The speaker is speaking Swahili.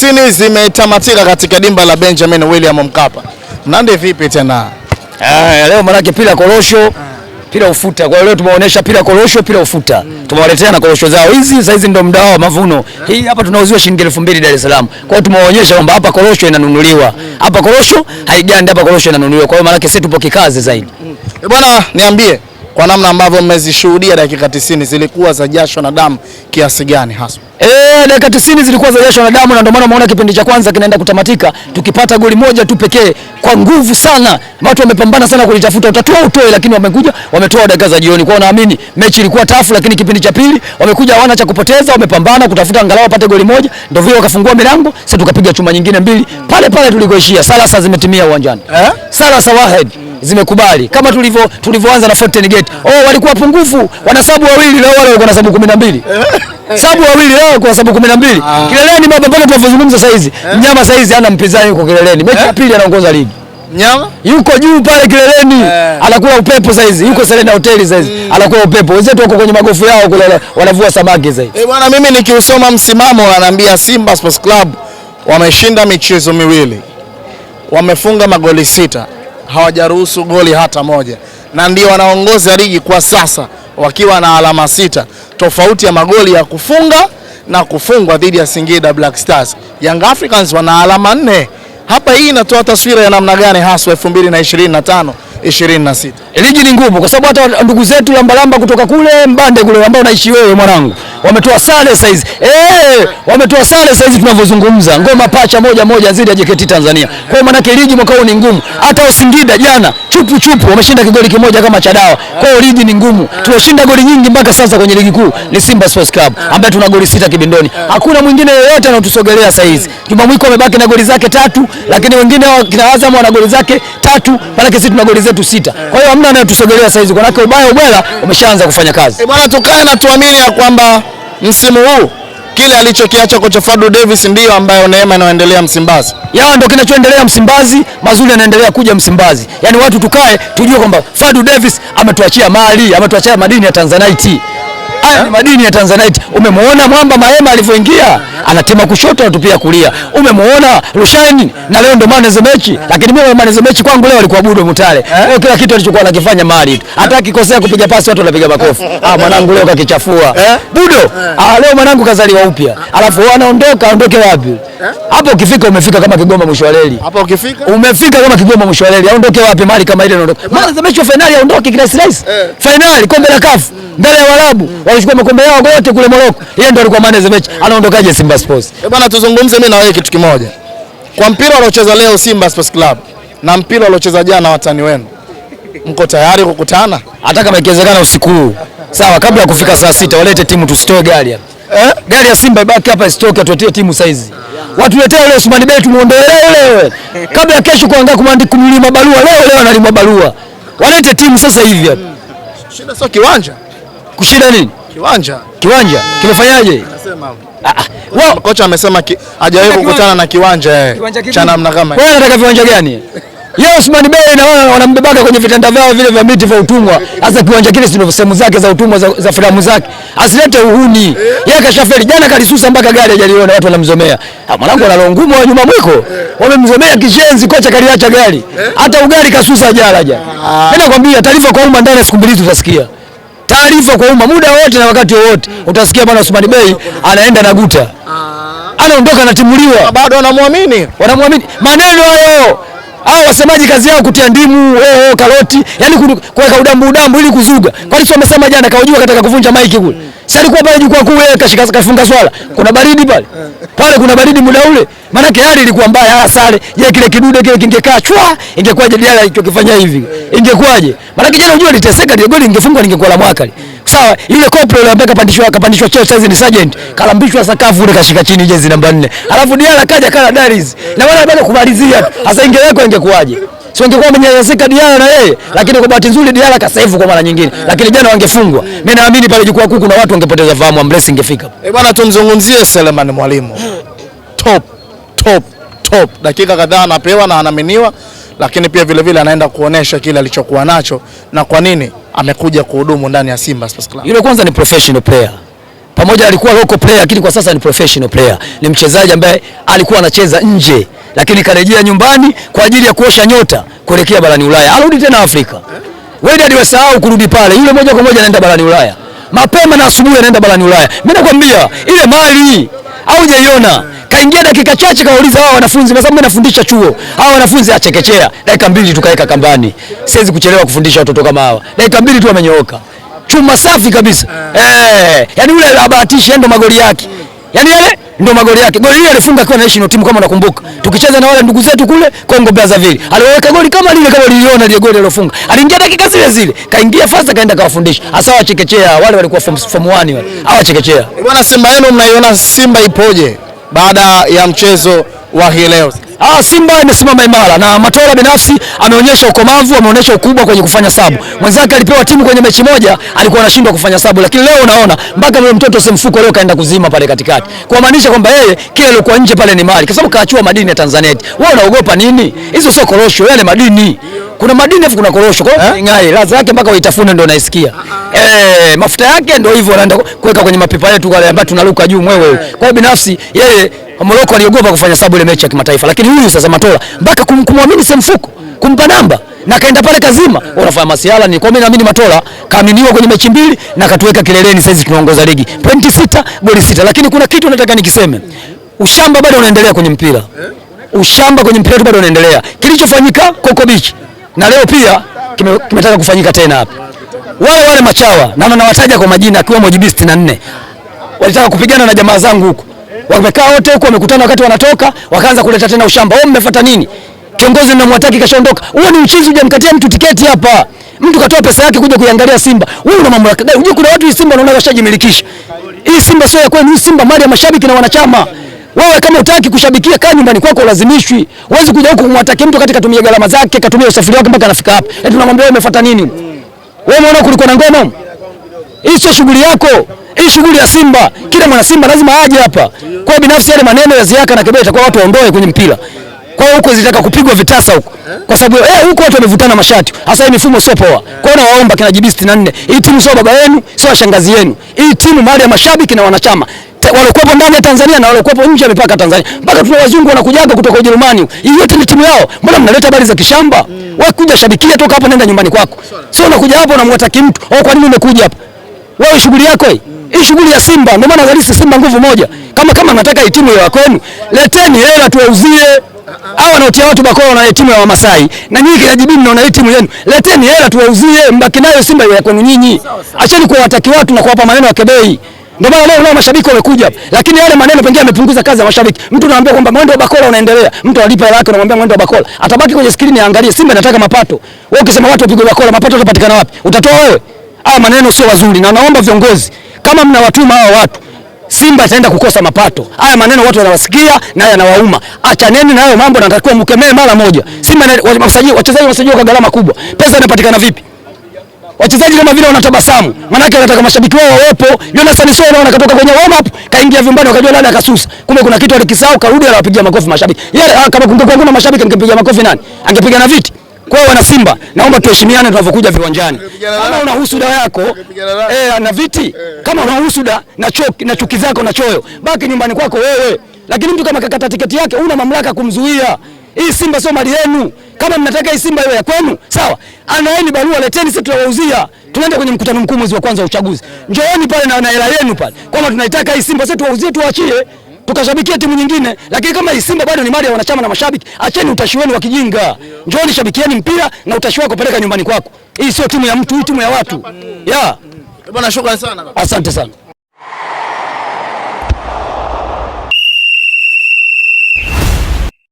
tisini zimetamatika katika dimba la Benjamin William Mkapa. Mnande vipi tena? Ah, leo manake pila korosho pila ufuta. Kwa leo tumeonyesha pila korosho pila ufuta mm. Tumewaletea na korosho zao hizi, hizi ndo mdao wa mavuno hii Hapa tunauziwa shilingi elfu mbili Dar es Salaam. Kwa hiyo tumewaonyesha kwamba hapa korosho inanunuliwa hapa mm. korosho haigandi, hapa korosho inanunuliwa. Kwa hiyo maanake sisi tupo kikazi zaidi mm. E bwana, niambie kwa namna ambavyo mmezishuhudia dakika 90 zilikuwa za jasho na damu kiasi gani hasa? Eh, dakika 90 zilikuwa za jasho na damu, na ndio maana umeona kipindi cha kwanza kinaenda kutamatika tukipata goli moja tu pekee kwa nguvu sana. Watu wamepambana sana kulitafuta, utatoa utoe, lakini wamekuja wametoa dakika za jioni. Kwa naamini mechi ilikuwa tafu, lakini kipindi cha pili wamekuja hawana cha kupoteza, wamepambana kutafuta angalau wapate goli moja, ndio vile wakafungua milango. Sasa tukapiga chuma nyingine mbili pale pale tulikoishia. Sala sasa zimetimia uwanjani eh? Sala sawahid zimekubali kama tulivyo tulivyoanza na Fountain Gate. Oh, walikuwa pungufu wana sabu wawili, leo wale walikuwa na sabu 12 eh. sabu wawili leo kwa sabu 12 ah. kileleni. Baba, mpaka tunavyozungumza sasa hizi eh. mnyama sasa hizi hana mpinzani, huko kileleni, mechi ya eh. pili anaongoza ligi Mnyama yuko juu pale kileleni, yeah. Anakula upepo sasa hizi, yuko Serena Hotel sasa hizi, mm. Anakula upepo. Wenzetu wako kwenye magofu yao kule wanavua samaki sasa hizi. Eh, bwana mimi nikiusoma msimamo anaambia Simba Sports Club wameshinda michezo miwili, wamefunga magoli sita hawajaruhusu goli hata moja, na ndio wanaongoza ligi kwa sasa wakiwa na alama sita, tofauti ya magoli ya kufunga na kufungwa dhidi ya Singida Black Stars. Young Africans wana alama nne. Hapa hii inatoa taswira ya namna gani haswa 2025 26. Ligi ni ngumu kwa sababu hata ndugu zetu lambalamba kutoka kule Mbande kule ambao unaishi wewe mwanangu wametoa sare sasa hizi. Eh, wametoa sare sasa hizi tunavyozungumza. Ngoma pacha moja moja zidi ya JKT Tanzania. Kwa hiyo maana ligi mwaka huu ni ngumu. Hata Usingida jana chupu chupu wameshinda kigoli kimoja kama cha dawa. Kwa hiyo ligi ni ngumu. Tulishinda goli nyingi mpaka sasa kwenye ligi kuu ni Simba Sports Club ambaye tuna goli sita kibindoni. Hakuna mwingine yeyote anatusogelea sasa hizi. Juma Mwiko amebaki na goli zake tatu, lakini wengine hao kina Azam wana goli zake tatu, maana sisi tuna goli zetu sita. Kwa hiyo hamna anayetusogelea saizi, kwa nake ubaya ubwela umeshaanza kufanya kazi. E bwana, tukae na tuamini ya kwamba msimu huu kile alichokiacha kocha Fadu Davis ndiyo ambayo neema inayoendelea Msimbazi. Yawa ndio kinachoendelea Msimbazi, mazuri yanaendelea kuja Msimbazi. Yaani watu tukae tujue kwamba Fadu Davis ametuachia mali, ametuachia madini ya Tanzanite haya ni madini ya Tanzanite. Umemuona mwamba Mahema alivyoingia anatema kushoto anatupia kulia, umemuona Rushaini na leo ndio maana za mechi, lakini mimi maana za mechi kwangu leo alikuwa Budo Mutale. Kwa eh? kila kitu alichokuwa anakifanya mali, hata eh? akikosea kupiga pasi watu wanapiga makofi. Ah, mwanangu leo kakichafua eh? Budo. Ah, leo mwanangu kazaliwa upya, alafu anaondoka. Aondoke wapi? Hapo ukifika umefika kama Kigoma mwisho wa reli. Hapo ukifika umefika kama Kigoma mwisho wa reli. Aondoke wapi? Mali kama ile anaondoka maana za mechi ya finali, aondoke kila slice finali kombe la kafu mm. mbele ya Waarabu. Mm wakachukua makombe yao yote kule Morocco. Yeye ndo alikuwa manager mechi. Anaondokaje Simba Sports? Eh, bwana tuzungumze mimi na wewe kitu kimoja. Kwa mpira aliocheza leo Simba Sports Club na mpira aliocheza jana watani wenu. Mko tayari kukutana? Hata kama ikiwezekana usiku huu. Sawa, kabla ya kufika saa sita walete timu tusitoe gari hapa. Eh? Gari ya Simba ibaki hapa isitoke tuletee timu saizi. Watuletee yule Usmani Bey tumuondoe leo leo. Kabla ya kesho kuangaa kumandi kumlima barua leo leo analima barua. Walete timu sasa hivi hapa. Shida sio kiwanja. Kushida nini? Kiwanja. Kiwanja kimefanyaje? Anasema Ah, ah. kocha amesema hajawahi kukutana na kiwanja eh, cha namna kama hiyo. Wewe unataka kiwanja gani? Yeye Osman Bey na wao wanambebaga kwenye vitanda vyao vile vya miti vya utumwa. Sasa kiwanja kile sio sehemu zake za utumwa za, za filamu zake. Asilete uhuni. Eh. Yeye yeah. kashafeli. Jana kalisusa mpaka gari hajaliona watu wanamzomea. Ah, mwanangu ana roho ngumu wa nyuma mwiko. Yeah. Wamemzomea kishenzi kocha kaliacha gari. Eh. Hata yeah. ugali kasusa jala jana. Ah. Mimi nakwambia taarifa kwa umma ndani siku mbili tutasikia taarifa kwa umma muda wote na wakati wowote. Utasikia bwana Osman Bey anaenda na guta, ah. anaondoka, anatimuliwa, bado wanamwamini, wanamwamini maneno hayo hao wasemaji kazi yao kutia ndimu, oh, oh, karoti, yani kuweka udambu udambu ili kuzuga. Kwa nini wamesema jana kawajua kataka kuvunja maiki kule? Si alikuwa pale jukwaa kule eh, kashika kafunga swala. Kuna baridi pale. Pale kuna baridi muda ule. Maana yake hali ilikuwa mbaya ah, sare. Je, kile kidude kile kingekaa chwa, ingekuwaje jana alichokifanya hivi? Ingekuwaje? Maana yake jana unajua liteseka ile goli ingefungwa ningekuwa la mwaka. Sawa, ile koplo ile ambaye kapandishwa kapandishwa cheo cha ni sergeant. Kalambishwa sakafu ile kashika chini jezi namba 4. Alafu Diala kaja kala Daris. Na wala anataka kumalizia. Sasa ingeweko ingekuaje? Sio ingekuwa amenyanyasika Diala na yeye, lakini kwa bahati nzuri Diala kasave kwa mara nyingine. Lakini jana wangefungwa. Mimi naamini pale jukwaa kuku na watu wangepoteza fahamu ambles ingefika. Eh, bwana tumzungumzie Selemani Mwalimu. Top, top, top. Dakika kadhaa anapewa na anaaminiwa lakini pia vilevile vile anaenda kuonesha kile alichokuwa nacho na kwa nini amekuja kuhudumu ndani ya Simba Sports Club. Yule kwanza ni professional player pamoja alikuwa local player lakini kwa sasa ni professional player. Ni mchezaji ambaye alikuwa anacheza nje lakini karejea nyumbani kwa ajili ya kuosha nyota kuelekea barani Ulaya. Arudi tena Afrika. Wewe aliwasahau kurudi pale. Yule moja kwa moja anaenda barani Ulaya. Mapema na asubuhi anaenda barani Ulaya. Mimi nakwambia ile mali haujaiona kaingia dakika chache kauliza hao wanafunzi, kwa sababu mimi nafundisha chuo, hao wanafunzi achekechea. dakika mbili tukaweka kambani. Siwezi kuchelewa kufundisha watoto kama hawa, dakika mbili tu amenyooka, chuma safi kabisa eh, eh yani ule abahatishi ndo magoli yake, yani yale ndo magoli yake. Goli lile alifunga akiwa na national timu, kama unakumbuka, tukicheza na wale ndugu zetu kule Kongo Brazzaville, aliweka goli kama lile, kama uliona ile goli alilofunga, aliingia dakika zile zile, kaingia fasta, kaenda kawafundisha, hasa wachekechea wale walikuwa form 1 wale, hawa chekechea. bwana. Simba yenu mnaiona Simba ipoje? baada ya mchezo wa hii leo? Ah, Simba imesimama imara na Matola binafsi ameonyesha ukomavu, ameonyesha ukubwa kwenye kufanya sabu. Mwenzake alipewa timu kwenye mechi moja, alikuwa anashindwa kufanya sabu, lakini leo unaona mpaka yule mtoto Semfuko leo kaenda kuzima pale katikati. Kwa maanisha kwamba yeye kile alikuwa nje pale ni mali. Kwa sababu kaachua madini ya Tanzania. Wewe unaogopa nini? Hizo sio korosho, yale madini kuna madini afu kuna korosho kwa eh? ngai ladha yake mpaka uitafune ndio unaisikia. Ah, ah. Eh, mafuta yake ndo hivyo anaenda kuweka kwenye mapipa yetu wale ambao tunaruka juu mwewe. Eh. Kwa hiyo binafsi yeye Moroko aliogopa kufanya sabu ile mechi ya kimataifa, lakini huyu sasa Matola mpaka kumwamini Semfuko kumpa namba na kaenda pale kazima eh. unafanya masiala ni kwa mimi naamini Matola kaaminiwa kwenye mechi mbili na katuweka kileleni. Sasa tunaongoza ligi pointi sita goli sita, lakini kuna kitu nataka nikiseme, ushamba bado unaendelea kwenye mpira, ushamba kwenye mpira bado unaendelea. Kilichofanyika Coco Beach na leo pia kimetaka kime kufanyika tena hapa. Wale wale machawa na nawataja kwa majina akiwemo JB sitini na nne walitaka kupigana na jamaa zangu huko, wamekaa wote huko, wamekutana wakati wanatoka, wakaanza kuleta tena ushamba. Wao mmefuata nini? Kiongozi mnamwataki kashaondoka. Wewe ni mchizi, hujamkatia mtu tiketi hapa. Mtu katoa pesa yake kuja kuiangalia Simba. Wewe una mamlaka gani? Unajua kuna watu hii Simba wanaona washajimilikisha. Hii Simba sio ya kwenu, hii Simba mali ya mashabiki na wanachama. Wewe kama utaki kushabikia, kaa nyumbani kwako, ulazimishwi. Huwezi kuja huko kumwataki mtu kati katumia gharama zake, katumia usafiri wake mpaka anafika hapa. Eti tunamwambia wewe umefuata nini? Wewe umeona kulikuwa na ngoma? Hii sio shughuli yako. Hii shughuli ya Simba. Kila mwana Simba lazima aje hapa. Kwa binafsi yale maneno ya Ziaka na Kebeta kwa watu waondoe kwenye mpira. Kwa huko zitaka kupigwa vitasa huko. Kwa sababu eh, huko watu wamevutana mashati. Hasa hii mifumo sio poa. Kwa hiyo nawaomba kina JB 64. Hii timu sio baba yenu, sio shangazi yenu. Hii timu mali ya mashabiki na wanachama walokuwepo ndani ya Tanzania na walokuwepo nje ya mipaka Tanzania. Mpaka tuna wazungu wanakujaga kutoka Ujerumani. Hii yote ni timu yao. Mbona mnaleta habari za kishamba? Mm. Wewe kuja shabikia toka hapa nenda nyumbani kwako. Sio unakuja hapa unamwataki mtu. Au oh, kwa nini umekuja hapa? Wewe shughuli yako hii. mm. Hii shughuli ya Simba. Ndio maana Zalisa Simba nguvu moja. mm. Kama kama nataka hii timu ya kwenu, leteni hela tuwauzie. Ah, ah. Hawa wanaotia watu bakora na timu ya Wamasai. Na nyinyi jibini mnaona hii timu yenu. Leteni hela tuwauzie, mbaki nayo Simba ya kwenu nyinyi. Acheni kuwataki watu na kuwapa maneno ya kebei. Ndio maana leo mashabiki wamekuja Lakini yale maneno pengine yamepunguza kazi ya mashabiki. Mtu anamwambia kwamba mwendo wa Bakola unaendelea. Mtu alipa hela yake anamwambia mwendo wa Bakola. Atabaki kwenye screen aangalie Simba inataka mapato. Wewe ukisema watu wapigwe Bakola, mapato yatapatikana wapi? Utatoa wewe? Haya maneno sio mazuri na naomba viongozi kama mnawatuma hao watu Simba itaenda kukosa mapato. Haya maneno watu wanawasikia na yanawauma. Acha neni na hayo mambo, natakiwa mkemee mara moja. Simba wachezaji wasajiliwa kwa gharama kubwa. Pesa inapatikana vipi? wachezaji kama vile wanatabasamu, maanake wanataka mashabiki wao wawepo. Jonathan Sono anakatoka kwenye warm up, kaingia vyumbani, wakajua nani akasusa, kumbe kuna kitu alikisahau, karudi, anawapigia makofi mashabiki. Yeye ah, kama kungekuwa kuna mashabiki angepiga makofi nani? Angepiga na viti. Kwa wana Simba, naomba tuheshimiane tunapokuja viwanjani. Kama una husuda yako eh, eh. na viti, kama una husuda na choki na chuki zako na choyo, baki nyumbani kwako wewe, lakini mtu kama kakata tiketi yake, una mamlaka kumzuia. Hii Simba sio mali yenu. Kama mnataka hii Simba iwe ya kwenu, sawa, anaeni barua, leteni, sisi tutawauzia. Tunaenda kwenye mkutano mkuu mwezi wa kwanza wa uchaguzi, njooni pale na hela yenu pale, kama tunaitaka hii Simba sisi tuwauzie, tuachie tukashabikia timu nyingine, lakini kama hii Simba bado ni mali ya wanachama na mashabiki, acheni utashi wenu wa kijinga. Njooni shabikieni mpira na utashi wako peleka nyumbani kwako. Hii sio timu ya mtu, hii timu ya watu. Yeah. Bwana, shukrani sana. Asante sana.